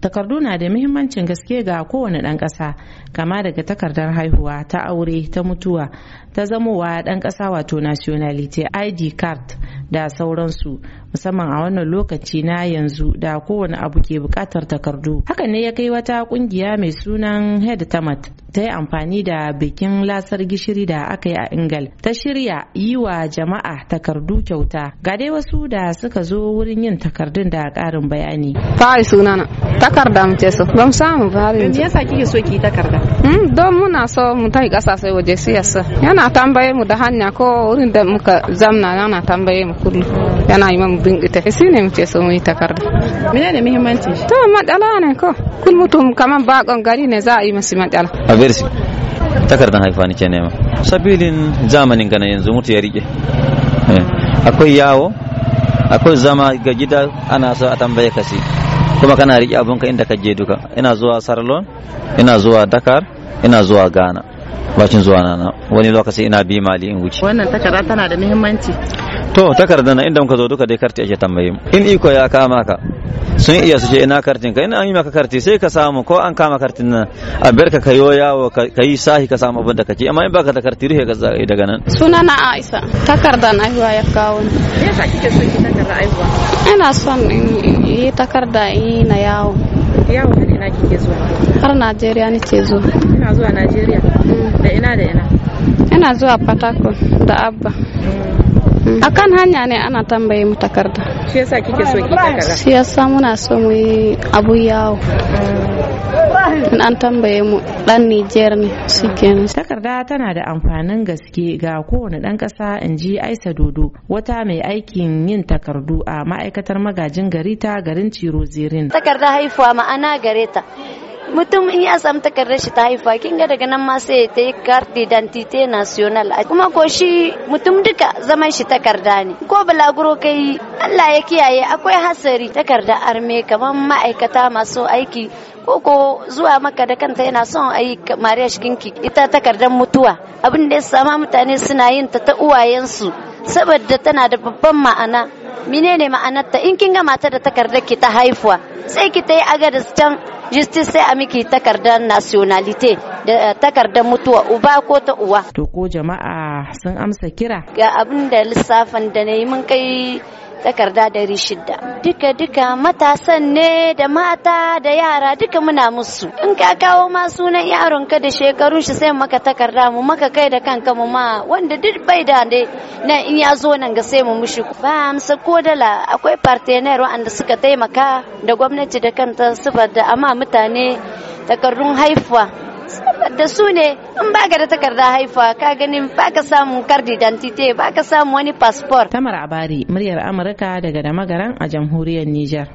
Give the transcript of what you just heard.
takardu na da muhimmancin gaske ga kowane ɗan ƙasa kama daga takardar haihuwa ta aure ta mutuwa ta zamowa ɗan ƙasa wato nationality id card da sauransu musamman a wannan lokaci na yanzu da kowane abu ke buƙatar takardu hakan ne ya kai wata ƙungiya mai sunan head tamat ta yi amfani da bikin lasar gishiri da aka yi a ingal ta shirya yi wa jama'a takardu kyauta ga dai wasu da suka zo wurin yin takardun da ƙarin bayani ta sunana takarda mace ce su ban samu ba yasa kike so ki takarda Hmm, don muna so mu tafi kasashe waje siyasa yana tambaye mu da hanya ko wurin da muka zamna yana tambaye mu kullu yana yi mamu bin ita shi ne mu ce so mu yi takarda mene ne muhimmanci to matsala ne ko kun mutum kamar bakon gari ne za a yi masu matsala a versi takardan haifa ke nema sabilin zamanin gana yanzu mutu ya rike eh, akwai yawo akwai zama ga gida ana so a tambaye kasi kuma kana riƙe abinka inda ka je duka ina zuwa sarlon ina zuwa dakar ina zuwa ghana bacin zuwa nana wani lokaci ina bi mali in wuce wannan takarda tana da muhimmanci to takarda na inda muka zo duka dai karti ake tambaye in iko ya kama ka sun iya su ce ina kartin ka in an yi maka karti sai ka samu ko an kama kartin nan a bar ka kayo yawo ka yi sahi ka samu abin da kake amma in baka da karti ruhe ka zai daga nan suna na Aisha takarda na aiwa ya kawo ni yasa kike so ki takarda aiwa ina son in yi eh, takarda in eh, yi na yawo yawo da ina kike zuwa har najeriya ce zuwa ina zuwa najeriya mm. da ina da ina ina zuwa Patako da abba mm. akan hanya ne ana tambaye mu takarda shi yasa kike so ki takarda shi yasa muna so mu yi abu yawo mm. an tambaye mu dan Nijar ne shikenan takarda tana da amfanin gaske ga kowane dan kasa in ji Aisa Dodo wata mai aikin yin takardu a ma'aikatar magajin gari ta garin Ciro Zirin takarda haifuwa ma'ana gareta mutum in ya samu takardar shi ta haifa kin ga daga nan ma sai ta yi carte d'identité national kuma ko shi mutum duka zaman shi takarda ne ko balaguro kai Allah ya kiyaye akwai hasari takarda arme kamar ma'aikata masu aiki ko ko zuwa maka da kanta yana son ayi yi mariya ita takardar mutuwa abin da ya sama mutane suna yin ta ta uwayensu saboda tana da babban ma'ana menene ma'anarta in kin ga matar da takardar ki ta haifuwa sai ki ta yi agadis can justice sai a miki takardar nationalite da eh, takardar mutuwa uba ko ta uwa to ko jama'a sun amsa kira ga abin da lissafin da na yi mun kai takarda da shida duka duka matasan ne da mata da yara duka muna musu in ka kawo ma sunan yaron ka da shekaru shi sai maka takarda mu maka kai da kanka mu ma wanda duk bai da ne na in ya zo nan ga sai mu mushi ba amsa ko dala akwai partenaire wanda suka taimaka da gwamnati da kanta saboda amma mutane takardun haifa. da su ne in baka da takarda haifa ka ganin baka samun card identity baka samun wani passport tamar abari muryar amurka daga damagaran a jamhuriyar nijar.